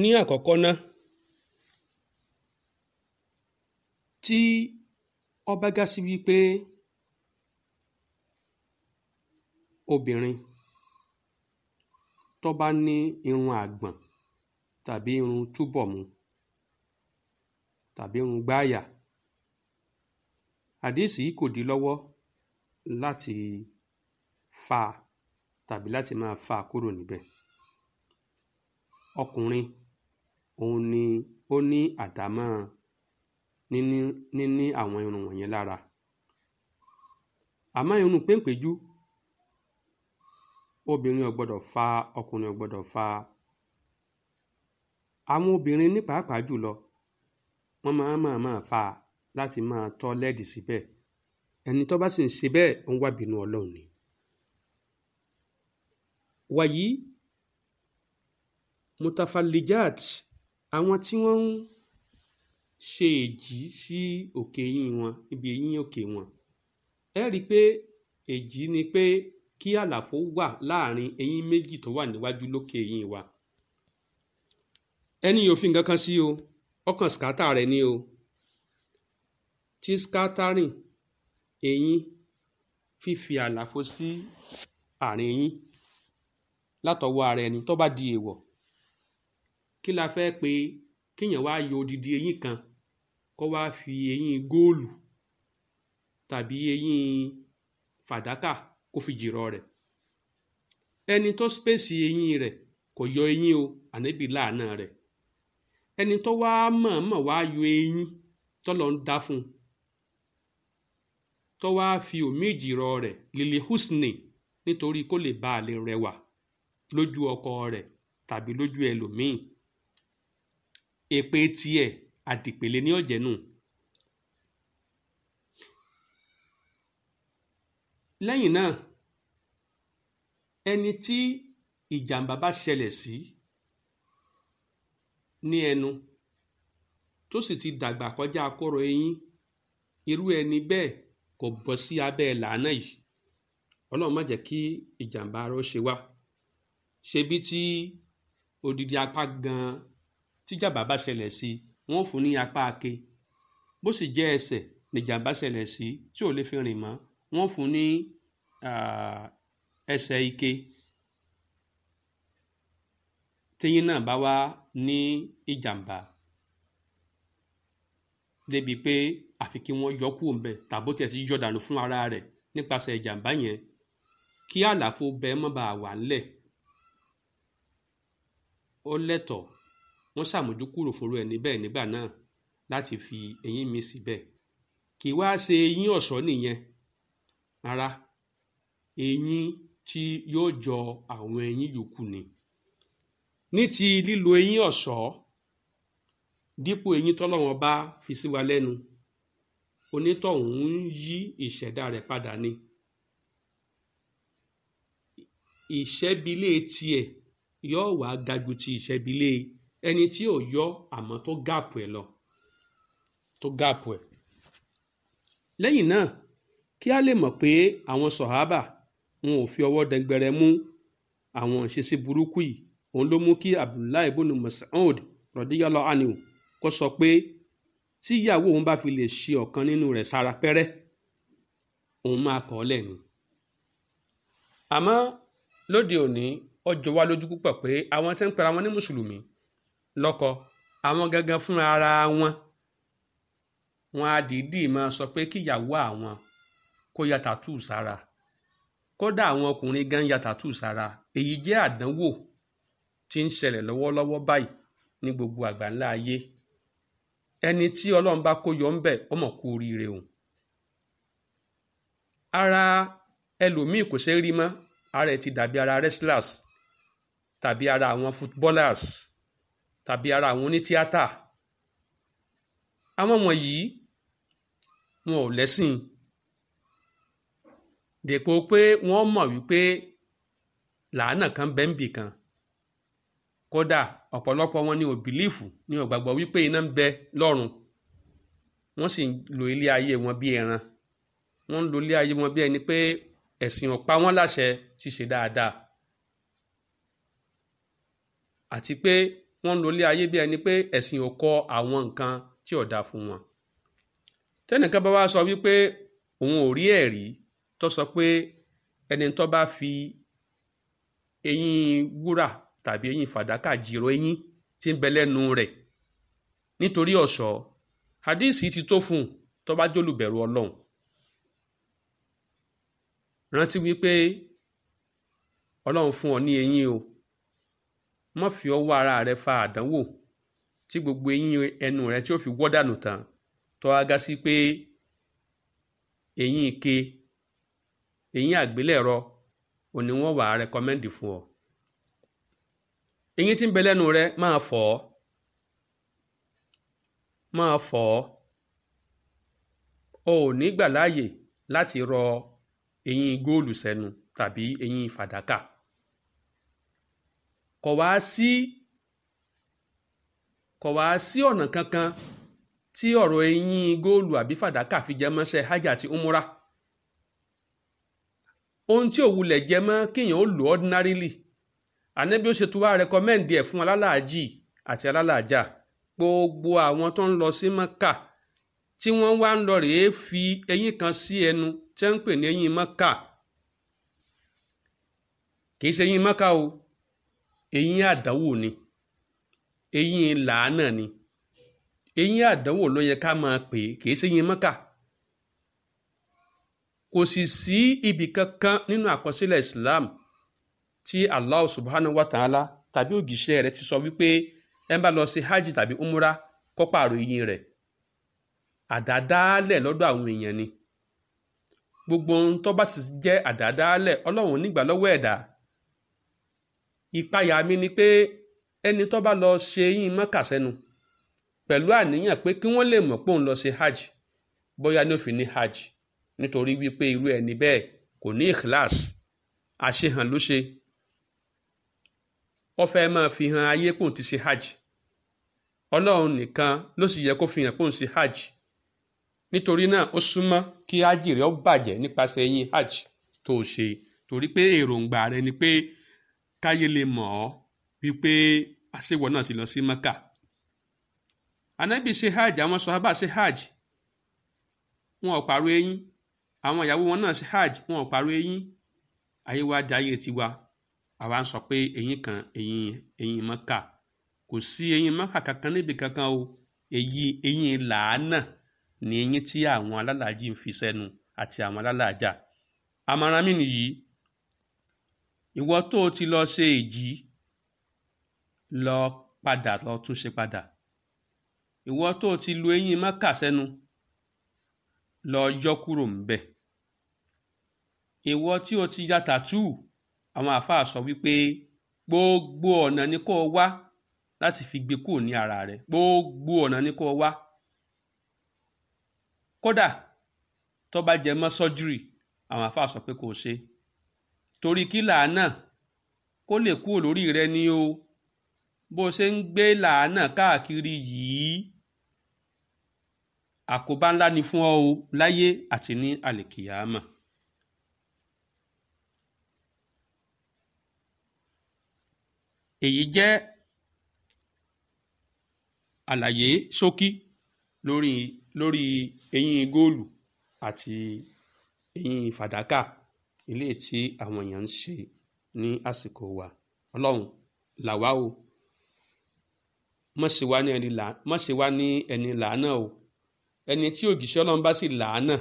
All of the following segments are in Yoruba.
ní àkọ́kọ́ ná tí ó bá já sí wípé obìnrin tó bá ní irun àgbọ̀n tàbí irun túbọ̀mù tàbí irun gbáàyà àdéhìsì yìí kò dí lọ́wọ́ láti fa tàbí láti máa fa kúrò níbẹ̀ ọkùnrin òun ni ó ní àdámọ́ níní níní àwọn irun wọ̀nyẹn lára àmọ́ irun péńpéjú obìnrin ò gbọ́dọ̀ fa ọkùnrin ò gbọ́dọ̀ fa àwọn obìnrin ní pàápàá jùlọ wọ́n máa máa máa fa láti máa tọ́ lẹ́ẹ̀dì síbẹ̀ ẹni tó bá sì ń ṣe bẹ́ẹ̀ ó ń wá bínú ọlọ́run ni wàyí mutafallijat àwọn tí wọ́n ń ṣe èjì sí òkè eyín wọn níbi eyín òkè wọn ẹ rí i pé èjì ni pé kí àlàfo wà láàrin eyín méjì tó wà níwájú lókè eyín wa ẹni yóò fi sí o ọkàn skátà rẹ ni o tí skátàrìn eyín fífi àlàfo sí àárín eyín látọwọ́ ara ẹni tó bá di èèwọ̀ kí la fẹ́ pé kéèyàn wá yọ odidi eyín kan kó wá fi eyín góòlù tàbí eyín fàdákà kó fi jìrọ̀ rẹ̀ ẹni tó spèsì eyín rẹ̀ kò yọ eyín o ànábì láàánà rẹ̀ ẹni tó wá mọ̀ọ́mọ̀ wá yọ eyín tọ́lọ́ ń dá fún un tó wá fi òmí ìjìrọ̀ rẹ̀ lili husni nítorí kó lè bá a lè rẹwà lójú ọkọ rẹ̀ tàbí lójú ẹlòmíì èpè tiẹ̀ àdìpèlé ní ọ̀jẹ̀ nù. lẹ́yìn náà ẹni tí ìjàmbá bá ṣẹlẹ̀ sí ní ẹnu tó sì ti dàgbà kọjá kóró eyín irú ẹni bẹ́ẹ̀ kò bọ́ sí abẹ́ làánà yìí ọlọ́run má jẹ́ kí ìjàmbá arọ́ ṣe wá ṣebí tí odidi apá gan-an tí jàmbá bá ṣẹlẹ̀ sí wọn ò fún ní apá ake bó sì jẹ́ ẹsẹ̀ ni jàmbá ṣẹlẹ̀ sí tí ò lè fi rìn mọ́ wọn ò fún ní ẹsẹ̀ ike téyín náà bá wá ní ìjàmbá débi pé àfi kí wọ́n yọ kúrò ńbẹ̀ tàbó tiẹ̀ ti yọ dànù fún ara rẹ̀ nípasẹ̀ ìjàmbá yẹn kí àlàfo bẹ́ẹ̀ mọ́ bá wà ńlẹ̀ ó lẹ́tọ̀ọ́ wọ́n ṣàmójúkúrò fúnrú ẹni bẹ́ẹ̀ nígbà náà láti fi eyín mi síbẹ̀ kì í wá ṣe eyín ọ̀ṣọ́ nìyẹn rárá eyín tí yóò jọ àwọn eyín yòókù ni ní ti lílo eyín ọ̀ṣọ́ dípò eyín tọ́lọ́wọ́n bá fi sí wa lẹ́nu onítọ̀hún ń yí ìṣẹ̀dá rẹ̀ padà ni ìṣẹ́bilé tiẹ̀ yóò wá ga ju ti ìṣẹ́bilé ẹni tí ò yọ àmọ́ tó gáàpù ẹ̀ lọ tó gáàpù ẹ̀ lẹ́yìn náà kí a lè mọ̀ pé àwọn sọ̀hábà wọn ò fi ọwọ́ dẹgbẹrẹ mú àwọn ìṣesí burúkú yìí òun ló mú kí Abdullahi ibn Mas'ud radiyallahu anhu kó sọ pé tí ìyàwó òun bá fi lè ṣe ọ̀kan nínú rẹ̀ sára pẹ́rẹ́ òun máa kọ̀ ọ́ lẹ́nu. àmọ́ lóde òní ó jọ lójú púpọ̀ pé àwọn tí ń pera wọn ní mùsùlùmí lọ́kọ àwọn gangan fúnra ara wọn wọn á dìídì máa sọ pé kíyàwó àwọn kó ya tàtú sára kódà àwọn ọkùnrin gan ya tàtú sára èyí jẹ́ àdánwò tí ń ṣẹlẹ̀ lọ́wọ́lọ́wọ́ báyìí ní gbogbo àgbáńlá ayé ẹni tí ọlọ́run bá kó yọ ń bẹ̀ ọmọ kú oríire òun ara ẹlòmíì kò ṣeé rí mọ́ ara ẹ̀ ti dàbí ara wrestlers tàbí ara àwọn footballers tàbí ara àwọn onítíátà àwọn wọ̀nyí wọn ò lẹ́sìn dèpò pé wọ́n mọ̀ wípé làánà kan bẹ́ńbì kan kódà ọ̀pọ̀lọpọ̀ wọn ni ò bìlífù ni ò gbàgbọ́ wípé iná ń bẹ lọ́run wọ́n sì ń lo ilé ayé wọn bí ẹran wọ́n ń lo ilé ayé wọn bí ẹni pé ẹ̀sìn ò pa wọ́n láṣẹ ṣíṣe dáadáa àti pé wọ́n ń lo ilé ayé bí ẹni pé ẹ̀sìn ò kọ àwọn nǹkan tí ò dáa fún wọn. tẹ́nìkan bá wá sọ wípé òun ò rí ẹ̀rí tó sọ pé ẹni tó bá fi eyín wúrà tàbí eyín fàdákà jìrò eyín tí ń bẹ lẹ́nu rẹ̀ nítorí ọ̀ṣọ́ hadísì ti tó fún un tó bá jólùbẹ̀rù ọlọ́run rántí wípé ọlọ́run fún ọ ní eyín o. má fi ọwọ́ ara rẹ fa àdánwò tí gbogbo eyín ẹnu rẹ tí ó fi wọ́ dànù tán tó wá sí pé eyín ike eyín àgbélẹ̀rọ òní wọ́n wà á rẹkọmẹ́ndì fún ọ. eyín tí ń bẹ lẹ́nu rẹ máa fọ̀ ọ́ máa fọ̀ ọ́ o ò ní gbà láàyè láti rọ eyín góòlù sẹ́nu tàbí eyín fàdákà. kò wá sí kò wá sí ọ̀nà kankan tí ọ̀rọ̀ eyín góòlù àbí fàdákà fi jẹ mọ́ṣẹ́ hajj àti umura ohun tí òwúlẹ̀ jẹ mọ́ kéèyàn ó lò ordinarily ànẹ́bí ó ṣe tó wá rẹkọmẹ́ǹdì ẹ̀ fún alálàájì àti alálàájà gbogbo àwọn tó ń lọ sí mọ́kà tí wọ́n wá ń lọ rèé fi eyín kan sí ẹnu tí wọ́n ń pè ní eyín mọ́kà kì í ṣe eyín mọ́kà o eyín àdánwò ni eyín làánà ni eyín àdánwò ló yẹ ká máa pè é kì í ṣe eyín mọ́kà kò sì sí ibì kankan nínú àkọsílẹ̀ Islam tí Allah subhanahu wa ta'ala tàbí ògìṣẹ́ rẹ̀ ti sọ wípé ẹ bá lọ sí hajj tàbí umra kó pààrọ̀ eyín rẹ̀ àdádálẹ̀ lọ́dọ̀ àwọn èèyàn ni gbogbo ohun tó bá sì jẹ́ àdádálẹ̀ Ọlọ́run nígbà lọ́wọ́ ẹ̀dá ìpayà mi ni pé ẹni tó bá lọ ṣe yín mọ́kà sẹ́nu pẹ̀lú àníyàn pé kí wọ́n lè mọ̀ pé òun lọ ṣe hajj bóyá ní òfin ní hajj nítorí wípé irú ẹni bẹ́ẹ̀ kò ní ìkíláàs àṣehàn ló ṣe ó fẹ́ máa fi hàn ayé pòun ti ṣe hajj ọlọ́run nìkan ló sì yẹ kó fi hàn pòun ṣe hajj nítorí náà ó súnmọ́ kí hajj rẹ̀ ó bàjẹ́ nípasẹ̀ ẹ̀yìn hajj tó ṣe torí pé èròǹgbà rẹ̀ ni pé káyé lè mọ̀ ọ́ wípé àṣewọ̀ náà ti lọ sí mẹ́kà anábì ṣe hajj àwọn sọ̀hábà ṣe hajj wọn ò pàrọ̀ eyín àwọn ìyàwó wọn náà ṣe hajj wọn ò pàrọ̀ eyín ayé wa dayé tiwa àwa ń sọ pé eyín kan eyín eyín mẹ́kà kò sí eyín mẹ́kà kankan níbi kankan o èyí eyín làánà ni eyín tí àwọn alálàájì ń fi sẹ́nu àti àwọn alálàájà àmọ̀ràn mi nìyí ìwọ tó o ti lọ ṣe èjì lọ padà lọ tún ṣe padà ìwọ tó o ti lu eyín mọ́kà sẹ́nu lọ yọ kúrò ńbẹ̀ ìwọ tí o ti ya tàtúù àwọn àáfàá sọ wípé gbogbo ọ̀nà ni kó o wá láti fi gbé kúrò ní ara rẹ gbogbo ọ̀nà ni kó o wá kódà tó bá jẹ mọ́ sọ́júrì àwọn àáfàá sọ pé kó o ṣe torí kí làánà kó lè kúrò lórí rẹ ni o bó ṣe ń gbé làánà káàkiri yìí àkóbá ńlá ni fún ọ o láyé àti ní àlìkìyàmà. èyí jẹ́ àlàyé ṣókí lórí eyín góòlù àti eyín fàdákà eléyìí tí àwọn èèyàn ń ṣe ní àsìkò wa ọlọ́run làwa o má ṣe wá ní ẹni làánà o ẹni tí òjìṣẹ́ ọlọ́run bá sì làánà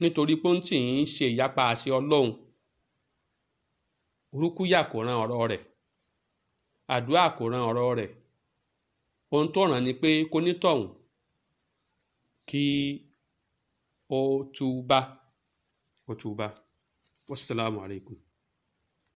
nítorí pé ń tì í ṣe ìyapa àṣẹ ọlọ́run orúkúyà kò ran ọ̀rọ̀ rẹ̀ àdúrà kò ran ọ̀rọ̀ rẹ̀ ohun tó ràn ni pé kó nítọ̀hún kí ó túbá ó túbá. والسلام عليكم